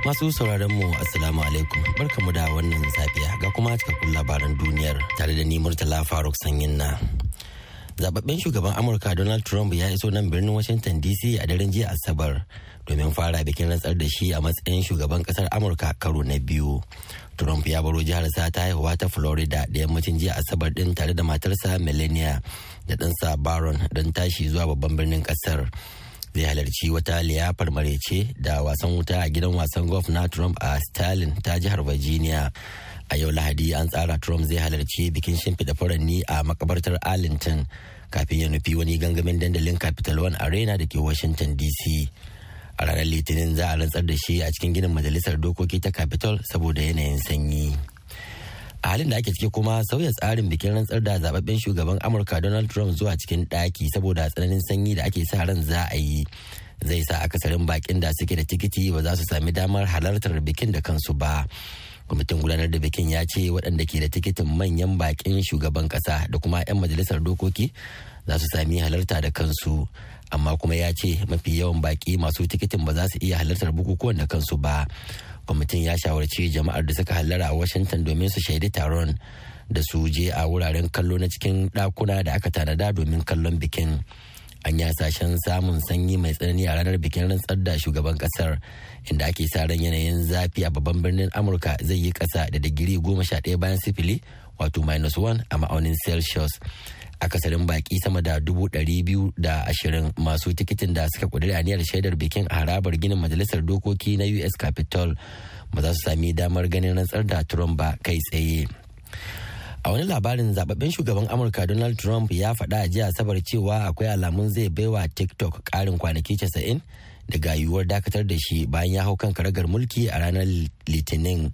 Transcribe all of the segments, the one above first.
Masu sauraron mu Assalamu alaikum mu da wannan safiya ga kuma cikakkun labaran duniyar tare da ni Murtala Faruk Sanyin na. Zababben shugaban Amurka Donald Trump ya iso nan birnin Washington DC a daren jiya Asabar domin fara bikin rantsar da shi a matsayin shugaban kasar Amurka karo na biyu. Trump ya baro jihar sata ta haihuwa ta Florida da yammacin jiya Asabar din tare da matarsa Melania da ɗansa Baron don tashi zuwa babban birnin kasar. zai halarci wata liyafar marece da wasan wuta a gidan wasan golf na trump a stalin ta jihar virginia a yau lahadi an tsara trump zai halarci bikin shimfiɗa furanni a makabartar arlington kafin ya nufi wani gangamin dandalin capital one arena da ke washington dc a ranar litinin za a rantsar da shi a cikin ginin majalisar dokoki ta capital saboda yanayin sanyi. a halin da ake ciki kuma sauya tsarin bikin rantsar da zababben shugaban amurka donald trump zuwa cikin ɗaki saboda tsananin sanyi da ake sa ran za a yi zai sa akasarin bakin da suke da tikiti ba za su sami damar halartar bikin da kansu ba kwamitin gudanar da bikin ya ce waɗanda ke da tikitin manyan bakin shugaban ƙasa da kuma 'yan majalisar dokoki za su sami halarta da kansu amma kuma ya ce mafi yawan baki masu tikitin ba za su iya halartar bukukuwan da kansu ba kwamitin ya shawarci jama'ar da suka hallara a washington domin su shaidi taron da su je a wuraren kallo na cikin ɗakuna da aka tanada domin kallon bikin an yi hasashen samun sanyi mai tsanani a ranar bikin rantsar da shugaban kasar inda ake sa ran yanayin zafi a babban birnin amurka zai yi ƙasa da digiri goma sha ɗaya bayan sifili wato minus one a ma'aunin celsius akasarin baki sama da dubu ɗari biyu da ashirin masu tikitin da suka ƙudiri aniyar shaidar bikin a harabar ginin majalisar dokoki na us capitol ba za su sami damar ganin rantsar da trump ba kai tsaye a wani labarin zababben shugaban amurka donald trump ya faɗa a jiya asabar cewa akwai alamun zai baiwa tiktok ƙarin kwanaki 90 daga yiwuwar dakatar da shi bayan ya hau kan karagar mulki a ranar litinin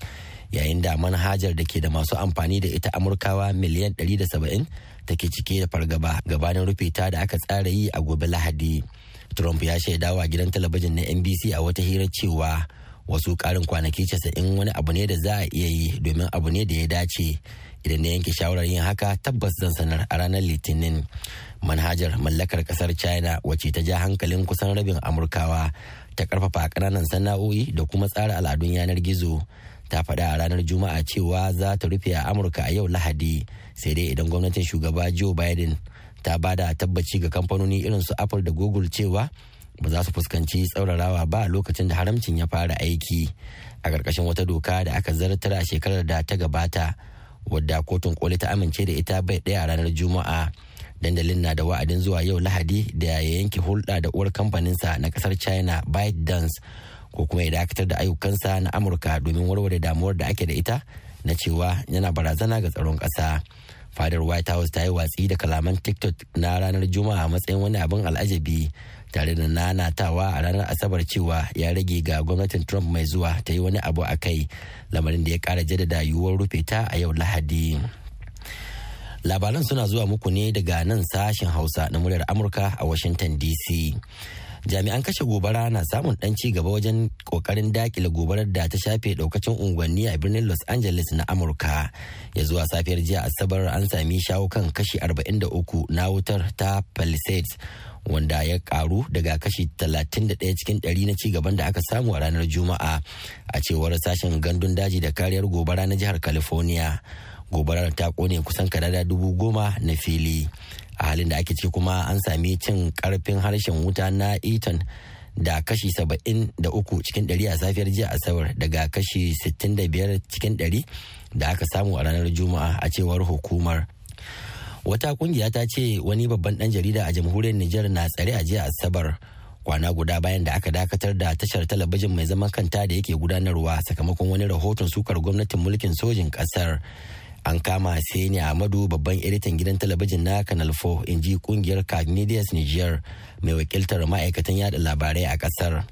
yayin da manhajar da ke da masu amfani da ita amurkawa miliyan 170 take cike da fargaba gabanin rufe ta da aka tsara yi a gobe lahadi trump ya shaida wa gidan talabijin na nbc a wata hira cewa wasu karin kwanaki casa'in wani abu ne da za a iya yi domin abu ne da ya dace idan na yanke shawarar yin haka tabbas zan sanar a ranar litinin manhajar mallakar kasar china wacce ta ja hankalin kusan rabin amurkawa ta karfafa kananan sana'o'i da kuma tsara al'adun yanar gizo ta faɗa a ranar juma'a cewa za ta rufe a amurka a yau lahadi sai dai idan gwamnatin shugaba joe biden ta ba da tabbaci ga kamfanoni irin su apple da google cewa ba za su fuskanci tsaurarawa ba lokacin da haramcin ya fara aiki a ƙarƙashin wata doka da aka zartar a shekarar da ta gabata wadda kotun koli ta amince da ita bai ɗaya ranar juma'a dandalin na da wa'adin zuwa yau lahadi da ya yanke hulɗa da uwar kamfaninsa na ƙasar china ByteDance ko kuma ya dakatar da ayyukansa na amurka domin warware damuwar da ake da ita na cewa yana barazana ga tsaron ƙasa. fadar white house ta yi watsi da kalaman tiktok na ranar juma'a matsayin wani abin al'ajabi tare da nanatawa a ranar asabar cewa ya rage ga gwamnatin trump mai zuwa ta yi wani abu a kai lamarin da ya kara jaddada yiwuwar rufe ta a yau lahadi labaran suna zuwa muku ne daga nan sashen hausa na muryar amurka a washington dc jami'an kashe gobara na samun dan ci gaba wajen kokarin dakile gobarar da ta shafe daukacin unguwanni a birnin los angeles na amurka ya zuwa safiyar jiya asabar an sami shawo kan kashi 43 na wutar ta palisades wanda ya karu daga kashi 31 cikin 100 na ci gaban da aka samu a ranar juma'a a cewar sashen gandun daji da kariyar gobara na jihar california gobarar ta kone kusan kadada dubu goma na fili a halin da ake ciki kuma an sami cin karfin harshen wuta na eton da kashi 73 cikin 100 a safiyar jiya asabar daga kashi 65 cikin 100 da aka samu a ranar juma'a a cewar hukumar wata kungiya ta ce wani babban dan jarida a jamhuriyar niger na tsare a jiya asabar kwana guda bayan da aka dakatar da tashar talabijin mai zaman kanta da yake gudanarwa sakamakon wani rahoton sukar gwamnatin mulkin sojin kasar an kama Sani Ahmadu babban editan gidan talabijin na Canal 4 in ji kungiyar Cagnidius Niger mai wakiltar ma'aikatan yada labarai a kasar.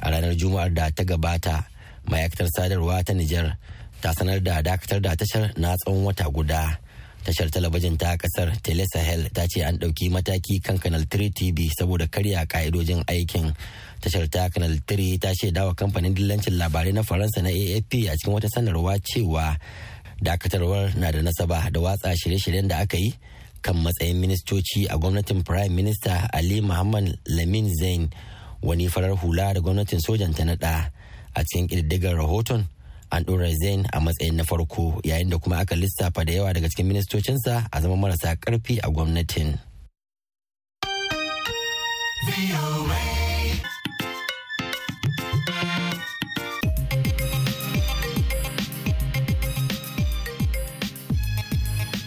A ranar Juma'ar da ta gabata, ma'aikatar sadarwa ta Niger ta sanar da dakatar da tashar na tsawon wata guda. Tashar talabijin ta kasar Tele Sahel ta ce an ɗauki mataki kan Canal 3 TV saboda karya ka'idojin aikin. Tashar ta Canal 3 ta shaidawa kamfanin dillancin labarai na Faransa na AFP a cikin wata sanarwa cewa dakatarwar na da nasaba da watsa shirye-shiryen da aka yi kan matsayin ministoci a gwamnatin prime minister ali muhammad lamin zain wani farar hula da gwamnatin sojan ta naɗa a cikin ƙididdigar rahoton an ɗora zain a matsayin na farko yayin da kuma aka lissafa da yawa daga cikin ministocinsa a zama marasa ƙarfi a gwamnatin.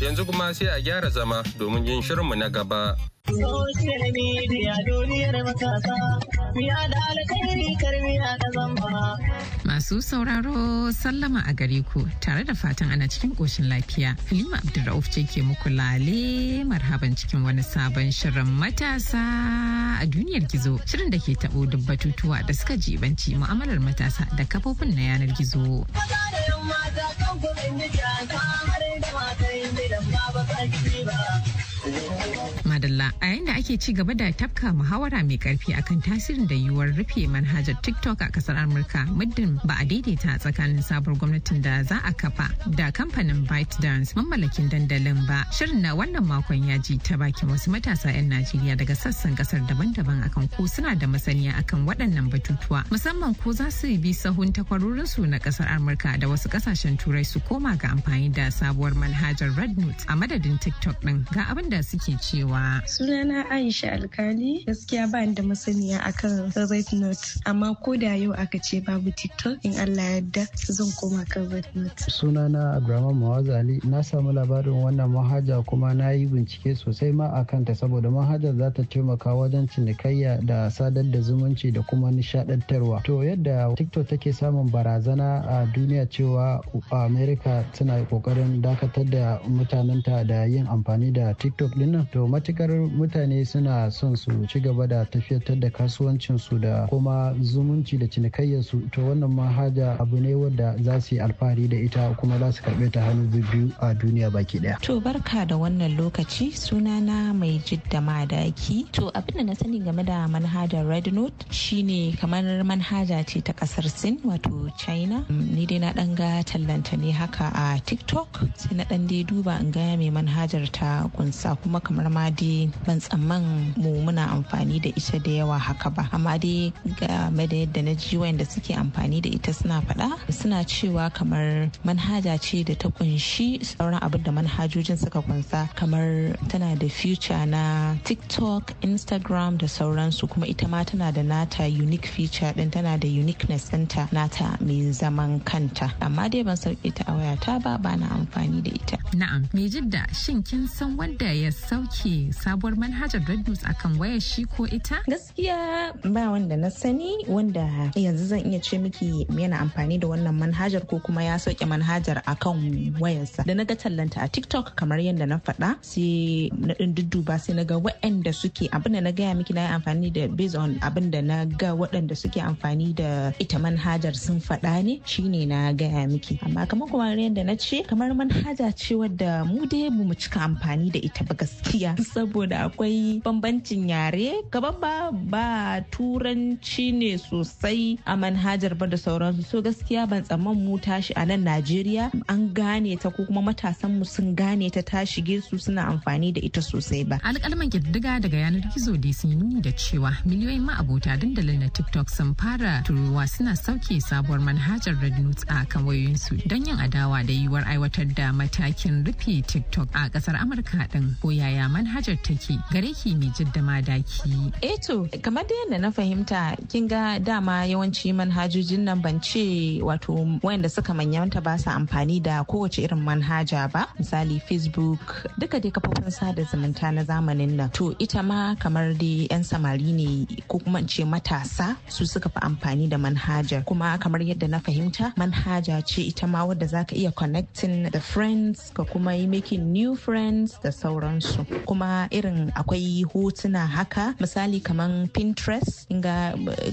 Yanzu kuma sai a gyara zama domin yin shirinmu na gaba. Social media duniyar matasa, da da zamba. Masu sauraro sallama a gare ku tare da fatan ana cikin ƙoshin lafiya. Halima Abdulrauf ce ke muku lale marhaban cikin wani sabon shirin matasa a duniyar gizo. Shirin da ke taɓo duk batutuwa da suka jibanci mu'amalar matasa da kafofin na yanar gizo. a yayin da ake ci gaba da tafka muhawara mai karfi akan tasirin da yiwuwar rufe manhajar TikTok a kasar Amurka muddin ba a daidaita tsakanin sabuwar gwamnatin da za a kafa da kamfanin ByteDance mamallakin dandalin ba. Shirin na wannan makon ya ji ta bakin wasu matasa 'yan Najeriya daga sassan kasar daban-daban akan ko suna da masaniya akan waɗannan batutuwa musamman ko za su bi sahun takwarorinsu na kasar Amurka da wasu kasashen turai su koma ga amfani da sabuwar manhajar Red Note a madadin TikTok ɗin ga abin da suke cewa. sunana Aisha Alkali gaskiya ba da masaniya akan red note amma ko da yau aka ce babu TikTok in Allah ya yadda zan koma kan red note. Sunana Abdulrahman Mawazali na samu labarin wannan mahaja kuma na yi bincike sosai ma a kanta saboda mahajar za ta taimaka wajen cinikayya da sadar da zumunci da kuma nishadantarwa. To yadda TikTok take samun barazana a duniya cewa America tana kokarin dakatar da mutanenta da yin amfani da TikTok dinnan to matukar mutane suna son su ci gaba da tafiyatar da kasuwancinsu da kuma zumunci da cinikayyarsu to wannan manhaja abu ne wanda za su yi alfahari da ita kuma za su karɓe ta hannu biyu a duniya baki ɗaya. To barka da wannan lokaci sunana mai jidda madaki. To abin da na sani game da manhajar Red Note shine kamar manhaja ce ta kasar Sin wato China. Ni dai na ɗan ga tallanta ne haka a TikTok sai na ɗan dai duba in ga mai manhajar ta kunsa kuma kamar ma dai ban tsamman mu muna amfani da ita da yawa haka ba amma dai game da yadda na ji wayanda suke amfani da ita suna faɗa suna cewa kamar manhaja ce da ta kunshi sauran abin da manhajojin suka kunsa kamar tana da future na tiktok instagram da sauransu kuma ita ma tana da nata unique feature din tana da uniqueness center nata mai zaman kanta amma dai ban sauke ta a wayata ba ba na amfani da ita na'am me jidda shin kin san wanda ya sauke sabon sabuwar manhajar Red News kan wayar shi ko ita? Gaskiya ba wanda na sani wanda yanzu zan iya ce miki yana amfani da wannan manhajar ko kuma ya sauke manhajar akan wayarsa. Da na ga tallanta a TikTok kamar yadda na faɗa sai na ɗin dudduba sai na ga waɗanda suke abin da na gaya miki na yi amfani da based on abin da na ga waɗanda suke amfani da ita manhajar sun faɗa ne shine na gaya miki. Amma kamar kuma yadda na ce kamar manhaja ce wadda mu dai mu cika amfani da ita ba gaskiya saboda Da akwai bambancin yare gaban ba ba turanci ne sosai a manhajar ba da sauransu so gaskiya ban tsamman mu tashi a nan najeriya an gane ta ko kuma matasan mu sun gane ta ta shige su suna amfani da ita sosai ba alƙalman ƙididdiga daga yanar gizo dai sun nuni da cewa miliyoyin ma'abota dandalin na tiktok sun fara turuwa suna sauke sabuwar manhajar red a kan wayoyinsu don yin adawa da yiwuwar aiwatar da matakin rufe tiktok a ƙasar amurka din ko yaya manhajar take take gare ki mai daki. Eh to kamar da yadda na fahimta kin ga dama yawanci manhajojin nan ban ce wato wayanda suka manyanta ba su amfani da kowace irin manhaja ba misali Facebook duka dai kafofin sada zumunta na zamanin nan to ita ma kamar dai yan samari ne ko kuma in ce matasa su suka fi amfani da manhaja kuma kamar yadda na fahimta manhaja ce ita ma wadda za ka iya connecting the friends ka kuma yi making new friends da sauransu kuma irin irin akwai hotuna haka misali kamar pinterest inga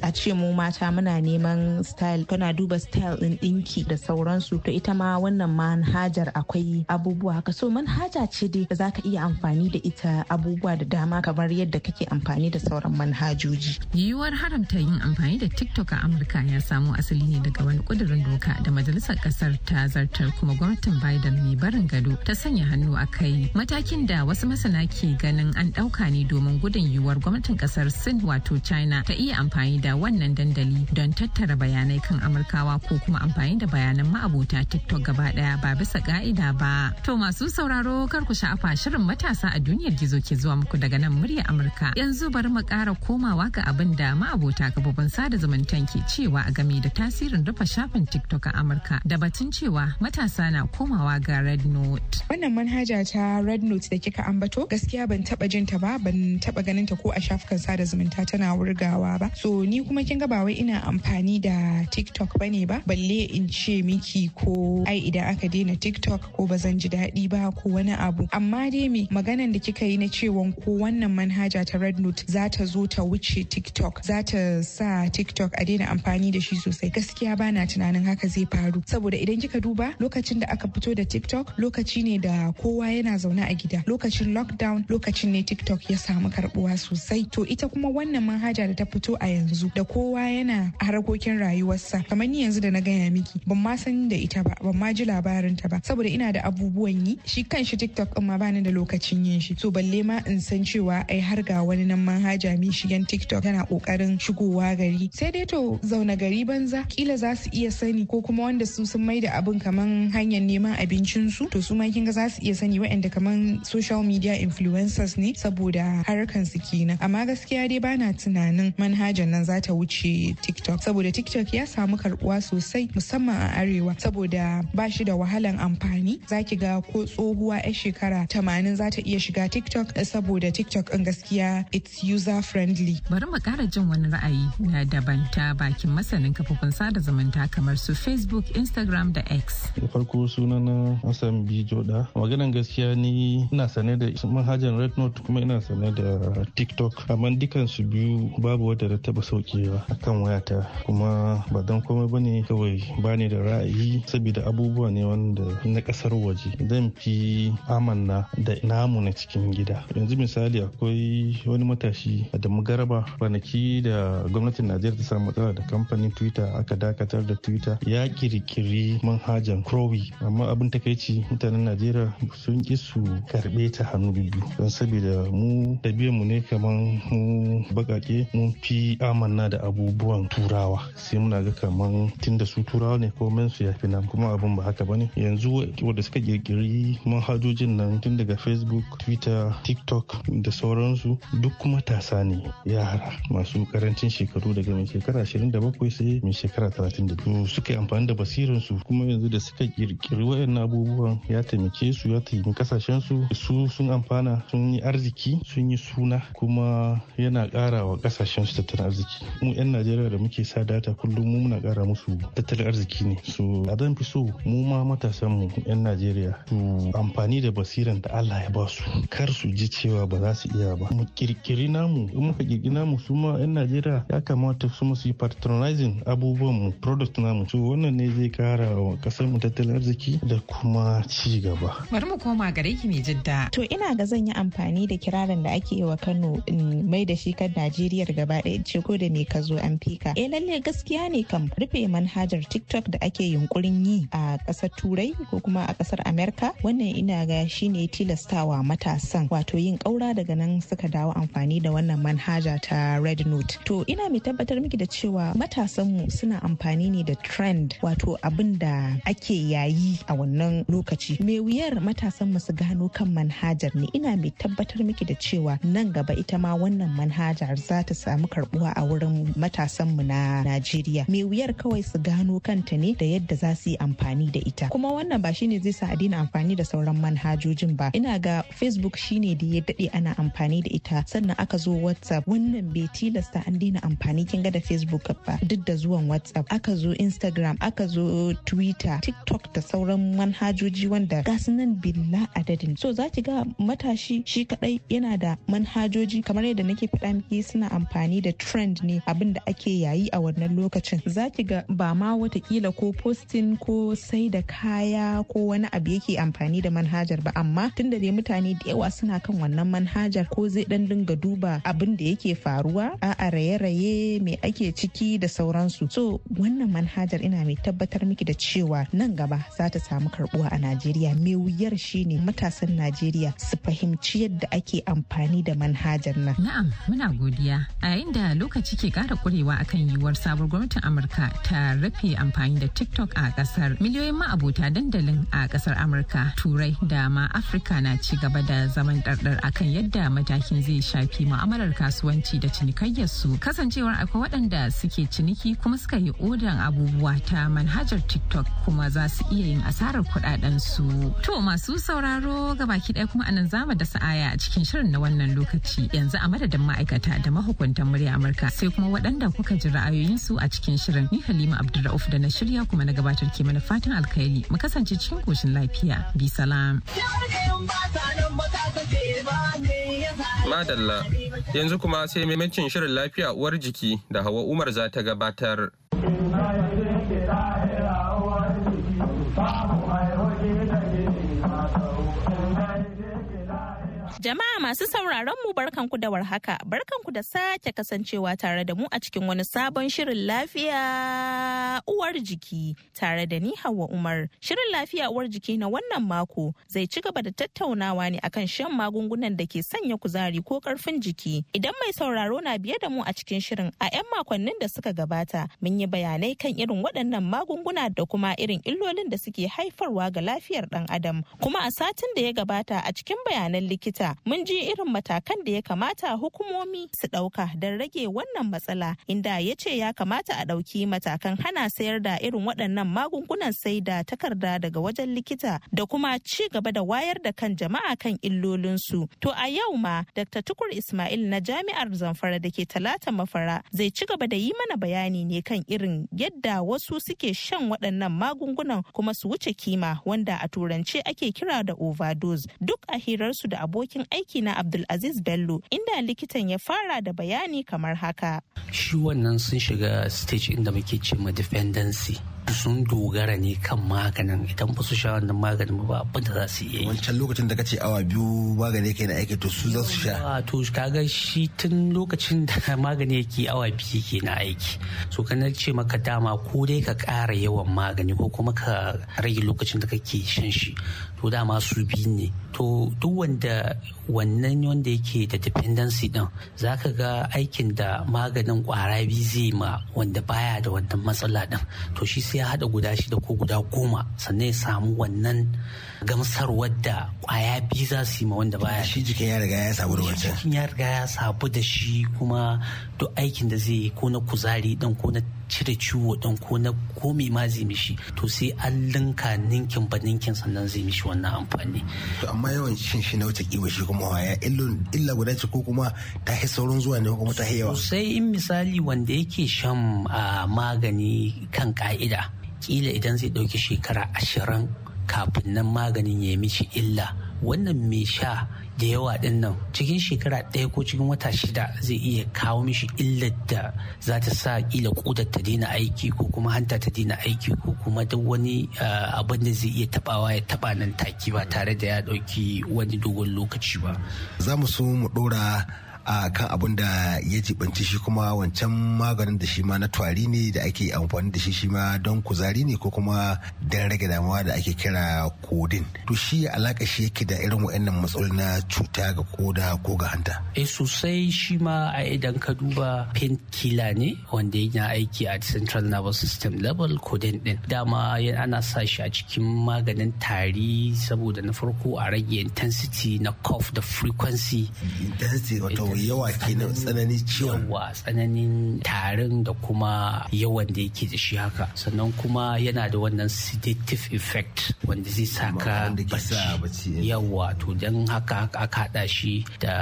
a ce mu mata muna neman style kana duba style din dinki da sauransu to ita ma wannan manhajar akwai abubuwa haka so manhaja ce dai da zaka iya amfani da ita abubuwa da dama kamar yadda kake amfani da sauran manhajoji yiwuwar haramta yin amfani da tiktok a amurka ya samo asali ne daga wani kudirin doka da majalisar kasar ta zartar kuma gwamnatin biden mai barin gado ta sanya hannu a kai matakin da wasu masana ke ganin in an ɗauka ne domin gudun yiwuwar gwamnatin ƙasar Sin wato China ta iya amfani da wannan dandali don tattara bayanai kan Amurkawa ko kuma amfani da bayanan ma'abota TikTok gaba ɗaya ba bisa ƙa'ida ba. To masu sauraro kar ku sha'afa shirin matasa a duniyar gizo ke zuwa muku daga nan murya Amurka. Yanzu bari mu kara komawa ga abin da ma'abota kafofin sada zumuntan ke cewa a game da tasirin rufe shafin TikTok a Amurka da batun cewa matasa na komawa ga Red Note. Wannan manhaja ta Red Note da kika ambato gaskiya ban taba jin ta ba ban taba ganin ta ko a shafukan sada zumunta tana wurgawa ba so ni kuma kin ga ba wai ina amfani da tiktok bane ba balle in ce miki ko ai idan aka daina tiktok ko ba zan ji daɗi ba ko wani abu amma dai me maganan da kika yi na cewan ko wannan manhaja ta red note za ta zo ta wuce tiktok za ta sa tiktok a daina amfani da shi sosai gaskiya bana tunanin haka zai faru saboda idan kika duba lokacin da aka fito da tiktok lokaci ne da kowa yana zaune a gida lokacin lockdown lokacin lokacin ne tiktok ya samu karbuwa sosai to ita kuma wannan manhaja da ta fito a yanzu da kowa yana a harkokin rayuwarsa kamar ni yanzu da na gaya miki ban ma san da ita ba ban ma ji labarin ta ba saboda ina da abubuwan yi shi kanshi tiktok din ma bani da lokacin yin shi to balle ma in san cewa ai har ga wani nan manhaja mi shigen tiktok tana kokarin shigowa gari sai dai to zauna gari banza kila za su iya sani ko kuma wanda su sun mai da abin kaman hanyar neman abincinsu to su ma kinga za su iya sani waɗanda kaman social media influencers Texas ne saboda harkan su kenan amma gaskiya dai bana tunanin manhajar nan zata wuce TikTok saboda TikTok ya samu karbuwa sosai musamman a arewa saboda ba shi da wahalan amfani zaki ga ko tsohuwa 'yar shekara tamanin za ta iya shiga TikTok saboda TikTok in gaskiya it's user friendly. Bari mu kara jin wani ra'ayi na daban ta bakin masanin kafofin sada zumunta kamar su Facebook, Instagram da X. Da farko sunana Hassan Bijoda. Maganan gaskiya ni ina sane da manhajar Red note kuma ina sane da tiktok amma su biyu babu wadda da taba saukewa akan wayata kuma ba dan komai bane kawai bani da ra'ayi saboda abubuwa ne wanda na kasar waje zan fi amanna da namu na cikin gida yanzu misali akwai wani matashi da magaraba kwanaki da gwamnatin najeriya ta samu matsala da kamfanin twitter aka dakatar da twitter ya kirkiri manhajan crowy amma abin takaici mutanen najeriya sun ki su karbe ta hannu biyu don saboda mu ɗabi'ar mu ne kamar mu bakake mun fi amanna da abubuwan turawa sai muna ga kaman tunda su turawa ne komai su yafi nan kuma abun ba haka bane yanzu wanda suka kirkiri manhajojin nan tun daga facebook twitter tiktok da sauransu duk kuma tasa ne yara masu karancin shekaru daga mai shekara 27 sai mai shekara 32 suka yi amfani da basirin su kuma yanzu da suka kirkiri wayannan abubuwan ya taimake su ya taimaki kasashen su su sun amfana sun yi arziki sun yi suna kuma yana ƙara wa ƙasashen su tattalin arziki mu 'yan najeriya da muke sa data kullum mu muna kara musu tattalin arziki ne so a zan fi so mu ma matasan mu 'yan najeriya su amfani da basiran da allah ya ba su kar su ji cewa ba za su iya ba mu kirkiri namu in muka kirkiri namu su ma 'yan najeriya ya kamata su su yi patronizing abubuwan mu product namu so wannan ne zai ƙara wa ƙasar mu tattalin arziki da kuma ci gaba bari mu koma gare ki mai jidda to ina ga zan yi amfani amfani da kirarin da ake yi wa Kano in mai da shi kan Najeriya gaba ɗaya ce ko da me ka zo an fika. Eh lalle gaskiya ne kam rufe manhajar TikTok da ake yunkurin yi a ƙasar Turai ko kuma a ƙasar Amerika wannan ina ga shine tilastawa matasan wato yin ƙaura daga nan suka dawo amfani da wannan manhaja ta Red Note. To ina mai tabbatar miki da cewa matasan mu suna amfani ne da trend wato abin da ake yayi a wannan lokaci. Me wuyar matasan su gano kan manhajar ne ina mai tabbatar tabbatar miki da cewa nan gaba ita ma wannan manhajar za ta samu karbuwa a wurin matasan mu na Najeriya. Me wuyar kawai su gano kanta ne da yadda za su yi amfani da ita. Kuma wannan ba shine zai sa a daina amfani da sauran manhajojin ba. Ina ga Facebook shine da ya dade ana amfani da ita sannan aka zo WhatsApp wannan bai tilasta an daina amfani kin ga da Facebook ba duk da zuwan WhatsApp aka zo Instagram aka zo Twitter TikTok da sauran manhajoji wanda gasu nan billa adadin. So za ki ga matashi shi kadai yana da manhajoji kamar yadda nake faɗa miki suna amfani da trend ne abin da ake yayi a wannan lokacin zaki ga ba ma watakila ko posting ko sai da kaya ko wani abu yake amfani da manhajar ba amma tunda dai mutane da yawa suna kan wannan manhajar ko zai dan dinga duba abin da yake faruwa a raye-raye me ake ciki da sauransu so wannan manhajar ina mai tabbatar miki da cewa nan gaba za ta samu karbuwa a najeriya me wuyar shine matasan najeriya su fahimci yadda yadda ake amfani da manhajar nan. Na'am, muna godiya. A yayin da lokaci ke kara kurewa akan yiwuwar sabuwar gwamnatin Amurka ta rufe amfani da TikTok a kasar. Miliyoyin ma'abota dandalin a kasar Amurka, Turai da ma Afirka na ci gaba da zaman ɗarɗar akan yadda matakin zai shafi mu'amalar kasuwanci da cinikayyar su. Kasancewar akwai waɗanda suke ciniki kuma suka yi odan abubuwa ta manhajar TikTok kuma za su iya yin asarar kuɗaɗen su. To masu sauraro gabaki ɗaya kuma anan zama da sa'aya a cikin shirin na wannan lokaci yanzu a madadin ma'aikata da mahukuntan murya Amurka sai kuma waɗanda kuka ji ra'ayoyinsu a cikin shirin ni Halima Abdulrauf da na shirya kuma na gabatar ke mana fatan alkhairi mu kasance cikin koshin lafiya bi salam. Madalla yanzu kuma sai maimacin shirin lafiya uwar jiki da Hawa Umar za ta gabatar. Jama'a masu sauraron mu barkanku da warhaka, barkanku da sake kasancewa tare da mu a cikin wani sabon shirin lafiya uwar jiki tare da ni Hauwa Umar. Shirin lafiya uwar jiki na wannan mako zai ci gaba da tattaunawa ne akan shan magungunan da ke sanya kuzari ko karfin jiki. Idan mai sauraro na biye da mu a cikin shirin a 'yan makonnin da suka gabata mun yi bayanai kan irin waɗannan magunguna da kuma irin illolin da suke haifarwa ga lafiyar ɗan adam. Kuma a satin da ya gabata a cikin bayanan likita mun ji irin matakan da ya kamata hukumomi su ɗauka don rage wannan matsala inda ya ce ya kamata a ɗauki matakan hana sayar da irin waɗannan magungunan sai da takarda daga wajen likita da kuma ci gaba da wayar da kan jama'a kan illolinsu. To a yau ma Dr. Tukur Ismail na Jami'ar Zamfara da ke Talata Mafara zai ci gaba da yi mana bayani ne kan irin yadda wasu suke shan waɗannan magungunan kuma su wuce kima wanda a turance ake kira da overdose duk a hirarsu da abokan abokin aiki na Abdulaziz Bello inda likitan ya fara da bayani kamar haka. Shi wannan sun shiga stage inda muke ce ma dependency. sun dogara ne kan maganin idan ba su sha wannan maganin ba abin da za su yi wancan lokacin da kace awa biyu magani yake na aiki to su za su sha to kaga shi tun lokacin da magani yake awa biyu yake na aiki so kana ce maka dama ko dai ka ƙara yawan magani ko kuma ka rage lokacin da kake shan shi to dama su biyu ne to duk wanda wannan wanda yake da dependency din zaka ga aikin da maganin kwara biyu zai ma wanda baya da wannan matsala din to shi sai sai ya haɗa guda shida ko guda goma sannan ya samu wannan gamsar wadda kwaya biyu za su yi ma wanda baya shi jikin ya riga ya sabu da wancan jikin ya riga ya sabu da shi kuma duk aikin da zai yi ko na kuzari dan ko na cire ciwo ɗin ko na komi ma zai mishi to sai an linka ninkin ba ninkin sannan zai mishi wannan amfani. to amma yawan cin shi na wuce kiwo shi kuma waya illa guda ce ko kuma ta yi saurin zuwa ne kuma ta yi yawa. sosai in misali wanda yake shan magani kan ka'ida kila idan zai ɗauki shekara ashirin kafin nan maganin ya mishi illa wannan mai sha da yawa din nan cikin shekara ɗaya ko cikin wata shida zai iya kawo mishi illar da za ta sa kila kudar ta daina aiki ko kuma hanta ta daina aiki ko kuma duk wani eh, abin da zai iya tabawa ya taba nan take ba tare da ya ɗauki wani dogon lokaci ba. Za mu so mu ɗora a kan abin da ya jibanci shi kuma wancan maganin da shi ma na tari ne da ake amfani da shi shi ma don kuzari ne ko kuma don rage damuwa da ake kira kodin to shi alaka shi yake da irin wa'annan matsaloli na cuta ga koda ko ga hanta eh sosai shi ma a idan ka duba killer ne wanda yana aiki a central nervous system level kodin din dama ana sa shi a cikin maganin tari saboda na farko a rage intensity na cough da frequency intensity wato yawa kenan tsananin ciwon wa tsananin tarin da kuma yawan da yake da shi haka sannan kuma yana da wannan sedative effect wanda zai saka bacci eh. yawa to don haka aka hada shi da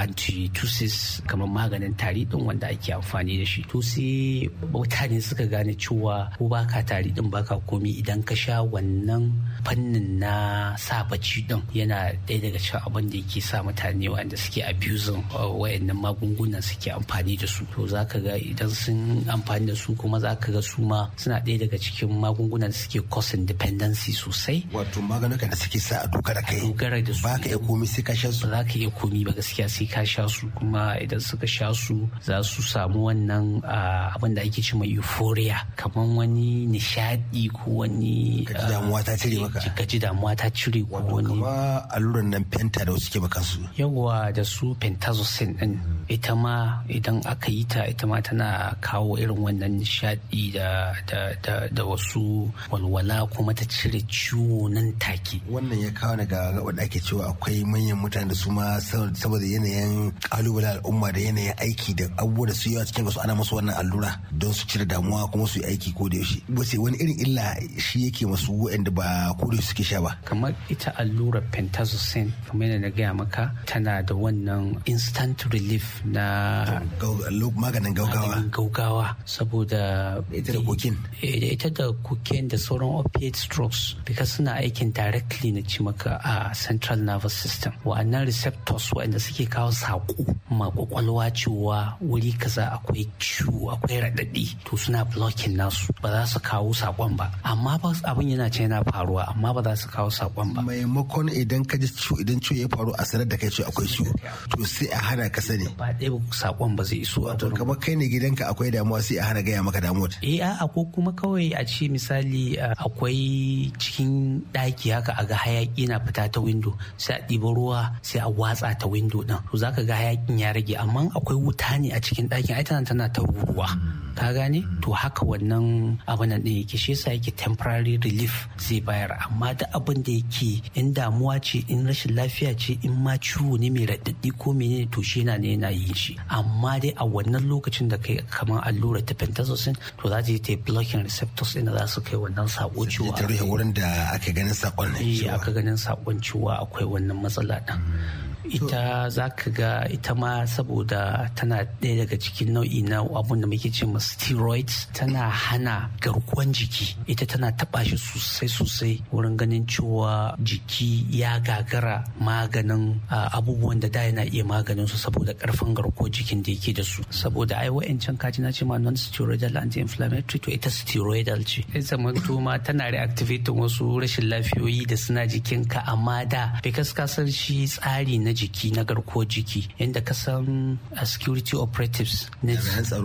antitusis kamar maganin tari din wanda ake amfani da shi to sai mutane suka gane cewa ko baka tari din baka komi idan ka sha wannan fannin na sa bacci din yana ɗaya daga cikin abin da yake sa mutane wanda suke abusing uh, wayannan magungunan suke amfani da su to za ka ga idan sun amfani da su kuma za ka ga su ma suna ɗaya daga cikin magungunan suke cost dependency sosai wato maganukan da suke sa a dogara kai dogara da su ba ka iya komi sai ka sha su ba ka iya komi ba gaskiya sai ka sha su kuma idan suka sha su za su samu wannan abin da ake cewa euphoria kamar wani nishadi ko wani ka ji damuwa ta cire maka ka ji damuwa ta cire ko wani allura alluran nan penta da suke maka su yawwa da su pentazocin dancing din ita ma idan aka yi ta ita ma tana kawo irin wannan nishaɗi da, wasu walwala kuma ta cire ciwo nan take wannan ya kawo daga ga da ake cewa akwai manyan mutane da su ma saboda yanayin kalubale al'umma da yanayin aiki da abubuwa da su yawa cikin su ana musu wannan allura don su cire damuwa kuma su yi aiki ko da yaushe wace wani irin illa shi yake masu wa'anda ba ko da suke sha ba kamar ita allurar pentazocin kamar yadda na gaya maka tana da wannan instant ant relief na maganin gaugawa gaugawa saboda ita da kokin eh, da kokin da sauran opiate strokes because suna aikin directly na ci maka a central nervous system wa'annan receptors wa'anda suke kawo saƙo ma kwakwalwa cewa wuri kaza akwai ciwo akwai raɗaɗi to suna blocking nasu ba za su kawo saƙon ba amma abin yana ce yana faruwa amma ba za su kawo saƙon ba maimakon idan ka ji ciwo idan ciwo ya faru a sanar da kai ciwo akwai ciwo to sai a hana ka sani ba ɗaya sakon ba zai iso wato kamar kai ne gidanka akwai damuwa sai a hana gaya maka damuwa eh a'a ko kuma kawai a ce misali akwai cikin ɗaki haka a ga hayaki na fita ta windo sai a ɗiba ruwa sai a watsa ta windo ɗin to zaka ga hayakin ya rage amma akwai wuta ne a cikin ɗakin ai tana tana ta ruwa ka gane to haka wannan abin da ɗin yake shi yasa yake temporary relief zai bayar amma da abin da yake in damuwa ce in rashin lafiya ce in ma ciwo ne mai raɗaɗɗi, ko ne to shi yana ne yana yin shi amma dai a wannan lokacin da kai kamar allura ta pentazocin to za ta yi ta blocking receptors ina za su kai wannan sako ciwo ta rufe wurin da eh, aka ganin sakon ne aka ganin sakon ciwo akwai wannan matsala ɗin ita za ka ga ita ma saboda tana ɗaya daga cikin nau'i na abun da muke ce steroids tana hana garkuwan jiki ita tana taɓa shi sosai sosai wurin ganin cewa jiki ya gagara maganin abubuwan da da yana iya maganin su saboda karfin garkuwar jikin da yake da su saboda ai wa'ancan kaji na ce ma non steroidal anti-inflammatory to ita steroidal ce ai zaman ma tana reactivating wasu rashin lafiyoyi da suna jikinka amma da bai kaskasar shi tsari na jiki na garkuwar jiki yadda ka san uh, security operatives na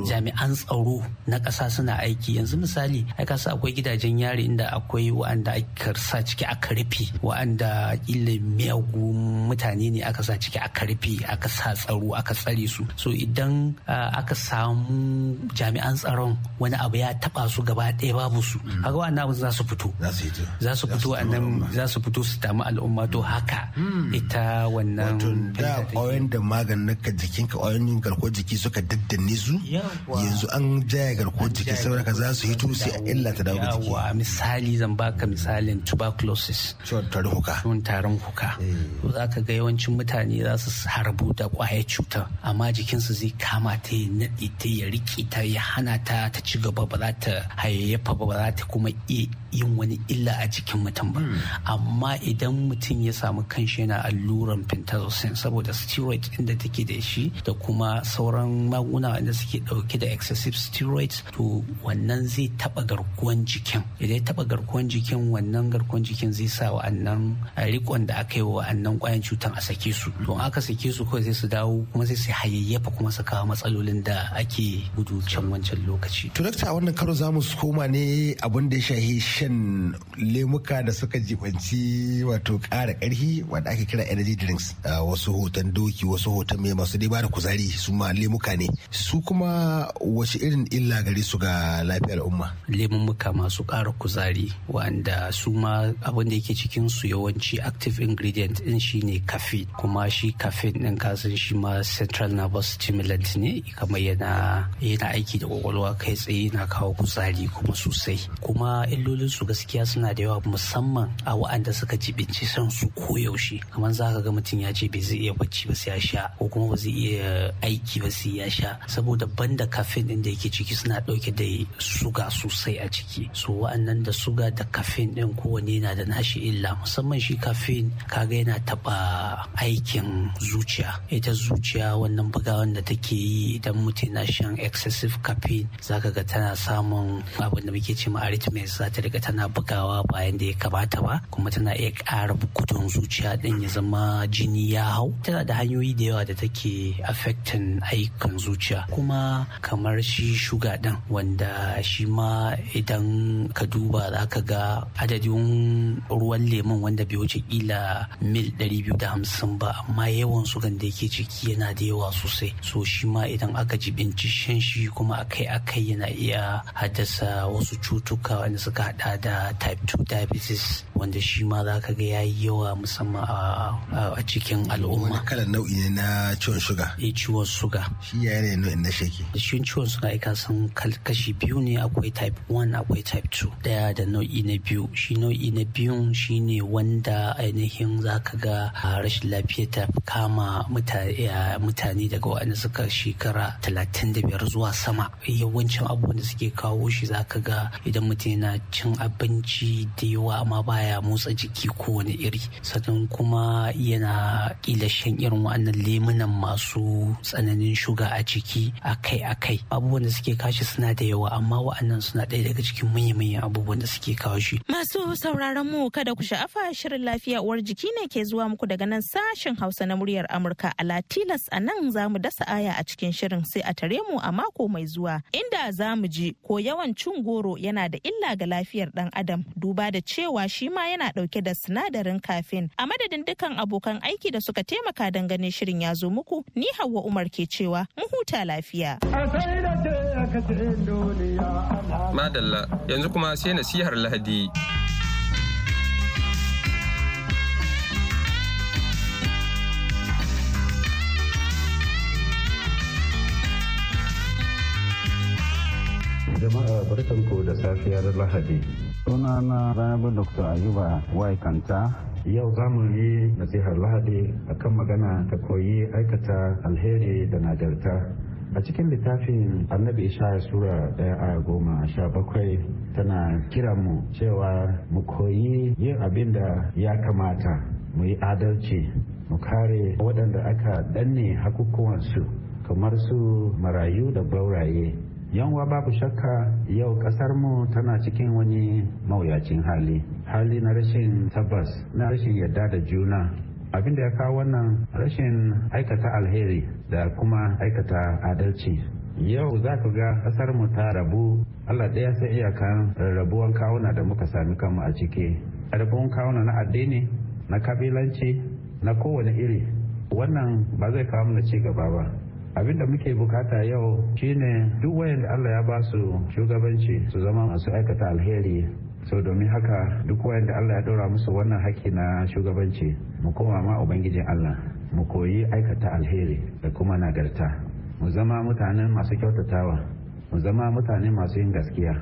jami'an tsaro na ƙasa suna aiki yanzu misali ai kasa akwai gidajen yari inda akwai wa'anda aka sa ciki aka rufe wa'anda kila miyagu mutane ne aka sa ciki aka rufe aka sa tsaro aka tsare su so idan uh, aka samu jami'an tsaron wani abu ya taba su gaba ɗaya babu su haka mm. wa'anda abin za su fito za su fito za su fito su damu al'umma to haka mm. ita wannan Don da ƙwayoyin da maganin ka jikin ka ƙwayoyin garkuwar jiki suka daddane su yanzu an jaya garkuwar jiki saboda ka za su hito sai a illa ta dawo jiki yawa misali zan baka misalin tuberculosis ciwon tarin huka ciwon tarin huka eh. za ka ga yawancin mutane za su harbu da ƙwayar cutar amma jikinsu zai kama ta ya naɗe ta ya riƙe ta ya hana ta ta ci gaba ba za ta hayayyafa ba ba za ta kuma iya yin wani illa a jikin mutum ba hmm. amma idan mutum ya samu kanshi yana alluran fintar sosai saboda steroid inda da take da shi da kuma sauran maguna da suke ɗauke da excessive steroids to wannan zai taba garkuwan jikin idan ya taɓa garkuwan jikin wannan garkuwan jikin zai sa wa'annan rikon da aka yi wa wa'annan kwayan cutan a sake su to aka sake su kawai zai su dawo kuma zai su hayayyafa kuma su kawo matsalolin da ake gudu can wancan lokaci. to dakta wannan karo za mu koma ne abin da ya shahi shan lemuka da suka jibanci wato kara karfi wanda ake kira energy drinks wasu hoton doki wasu hoton mai masu dai bada kuzari su ma lemuka ne su kuma wace irin illa gare su ga lafiyar umma lemuka masu ƙara kuzari wanda su ma abin da yake cikin su yawanci active ingredient din shine caffeine kuma shi caffeine din kasan shi ma central nervous stimulant ne kamar yana yana aiki da kwakwalwa kai tsaye yana kawo kuzari kuma sosai kuma illolin su gaskiya suna da yawa musamman a wa'anda suka jibinci san su koyaushe kamar za ka ga mutum ya ce ce bai zai iya bacci ba sai ya sha ko kuma ba zai iya aiki ba sai ya sha saboda banda caffeine din da yake ciki suna dauke da suga sosai a ciki so wa'annan da suga da caffeine din kowanne yana da nashi illa musamman shi caffeine kaga yana taba aikin zuciya ita zuciya wannan bugawan da take yi idan mutum na shan excessive caffeine zaka ga tana samun abin da muke ce ma arrhythmia za ta riga tana bugawa bayan da ya kamata ba kuma tana iya ƙara gudun zuciya din ya zama jini ya hau tana da hanyoyi da yawa da take affecting aikin zuciya kuma kamar shi shuga din wanda shi ma idan ka duba za ka ga adadin ruwan lemon wanda bai wuce kila mil 250 ba amma yawan sugan da yake ciki yana da yawa sosai so shi ma idan aka ji bincishen shi kuma akai-akai yana iya haddasa wasu cutuka wanda suka hada da type 2 diabetes wanda shi ma za ka ga yayi yawa musamman a cikin al'umma wani kalan nau'i ne na ciwon suga eh ciwon suga shi ya ne nau'in na shake shi ciwon suga ai kasan kashi biyu ne akwai type 1 akwai type 2 daya da nau'i na biyu shi nau'i na biyun shine wanda ainihin zaka ga rashin lafiya ta kama mutane daga waɗanda suka shekara talatin da biyar zuwa sama yawancin abubuwan da suke kawo shi zaka ga idan mutum yana cin abinci da yawa amma baya motsa jiki kowane iri sannan kuma yana kila shan irin wa'annan lemunan masu tsananin shuga a ciki akai akai abubuwan da suke kashi suna da yawa amma wa'annan suna ɗaya daga cikin manya-manyan abubuwan da suke kawo shi. Masu sauraron mu kada ku sha'afa shirin lafiya uwar jiki ne ke zuwa muku daga nan sashen Hausa na muryar Amurka a Latilas a nan za mu dasa aya a cikin shirin sai a tare mu a mako mai zuwa inda za mu ji ko yawan cin goro yana da illa ga lafiyar ɗan adam duba da cewa shi ma yana ɗauke da sinadarin kafin a madadin dukan abokan aiki da suka taimaka don ganin shirin ya zo muku ni Hauwa Umar ke cewa mu huta lafiya. Madalla yanzu kuma sai nasihar Lahadi. jama'a barkanku da safiyar lahadi sunana rabu dr ayuba waikanta yau za mu yi nasihar lahadi a kan magana ta koyi aikata alheri da nagarta a cikin littafin annabi isha sura daya a goma sha bakwai tana kira mu cewa mu koyi yin abin da ya kamata mu yi adalci mu kare waɗanda aka danne hakukuwansu kamar su marayu da bauraye yanwa babu shakka yau kasar mu tana cikin wani mawuyacin hali hali na rashin tabbas na rashin yadda da juna abinda ya kawo wannan rashin aikata alheri da kuma aikata adalci yau za ku ga kasar mu ta rabu allah ɗaya sai iyakan rabuwan kawuna da muka sami kanmu a ciki rabuwan kawuna na addini na kabilanci na kowane iri wannan ba zai kawo mana ci gaba ba abin da muke bukata yau shine duk wayanda Allah ya ba su shugabanci su zama masu aikata alheri so domin haka duk wayanda Allah ya daura musu wannan haƙƙi na shugabanci mu koma ma ubangijin Allah mu koyi aikata alheri da kuma nagarta mu zama mutanen masu kyautatawa mu zama mutane masu yin gaskiya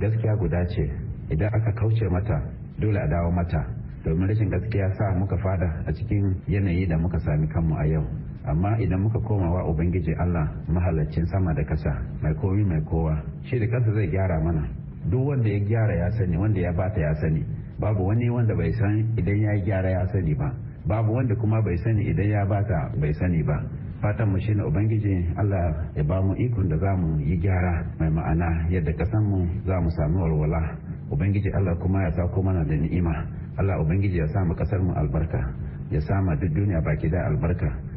gaskiya guda ce idan aka kauce mata dole a dawo mata domin rashin gaskiya sa muka fada a cikin yanayi da muka sami kanmu a yau amma idan muka koma wa ubangiji Allah mahalaccin sama da kasa mai komi mai kowa shi da kansa zai gyara mana duk wanda ya gyara ya sani wanda ya bata ya sani babu wani wanda bai san idan ya gyara ya sani ba babu wanda kuma bai sani idan ya bata bai sani ba fatan mu shine ubangiji Allah ya ba mu ikon da za mu yi gyara mai ma'ana yadda kasan mu za mu samu walwala ubangiji Allah kuma ya sa ko mana da ni'ima Allah ubangiji ya sa mu kasar mu albarka ya sa ma duk duniya baki da albarka